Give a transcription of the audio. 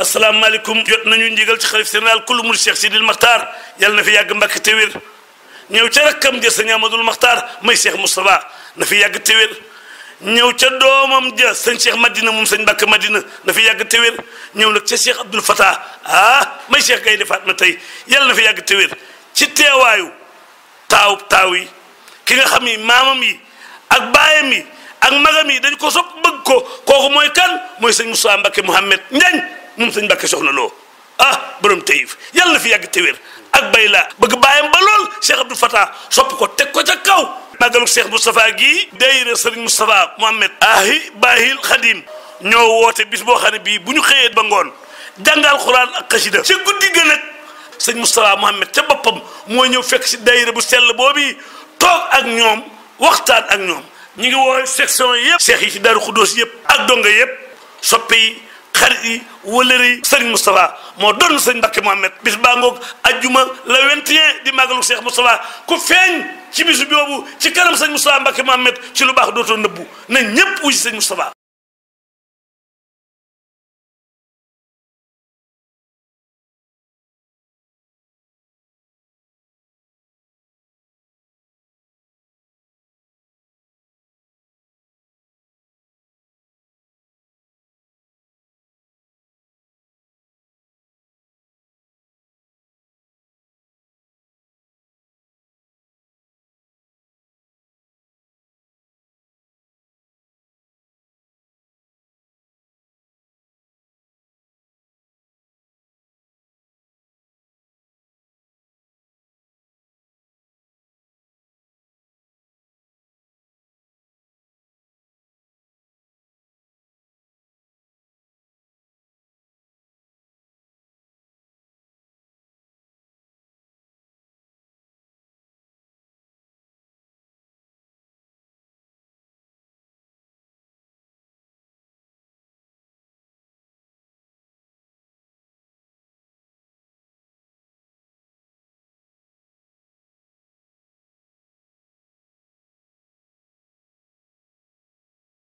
asalaamaaleykum jot nañu ndigal ci xalif général kullu murid cheikh sidil maxtaar yàlla na fi yàgg mbàkk te wér ñëw ca rakkam ja sëñ amadul maxtaar may cheikh moustapha na fi yàgg te wér ñëw ca doomam ja sëñ cheikh madina moom sëñ mbàkk madina na fi yàgg te wér ñëw nag ca cheikh abdul fatah ah may cheikh gaynde fatma tey yàlla na fi yàgg te wér ci teewaayu taaw taaw yi ki nga xam yi maamam yi ak baayam yi ak magam yi dañ ko sopp bëgg ko kooku mooy kan mooy sëñ Moussa Mbacké Mouhamed Ndiagne moom sëñ Mbàkke soxna loo ah borom tayif yàlla fi yàgg téwér ak bay laa bëgg bàyyam ba lool Cheikh Abdou Fatah sopp ko teg ko ca kaw màggalu Cheikh Moustapha gii daayira sëriñ Moustapha Mohamed ahi bahil Khadim ñoo woote bis boo xam ne bii bu ñu xëyee ba ngoon jàngal xuraan ak xasida ca guddi gën nag sëñ Moustapha Mohamed ca boppam moo ñëw fekk si daayira bu sell boobu toog ak ñoom waxtaan ak ñoom ñu ngi woo section yëpp seex yi Daaru Xuddoos yëpp ak donga xarit yi wëlëre yi sëriñ Moustapha moo doon sëriñ Mbakke Mohamed bis baa ngoog ajjuma la 21 di màggalu Cheikh Moustapha ku feeñ ci bisu boobu ci kanam sëriñ Moustapha Mbakke Mohamed ci lu baax dootoo nëbbu na ñépp wuy sëriñ Moustapha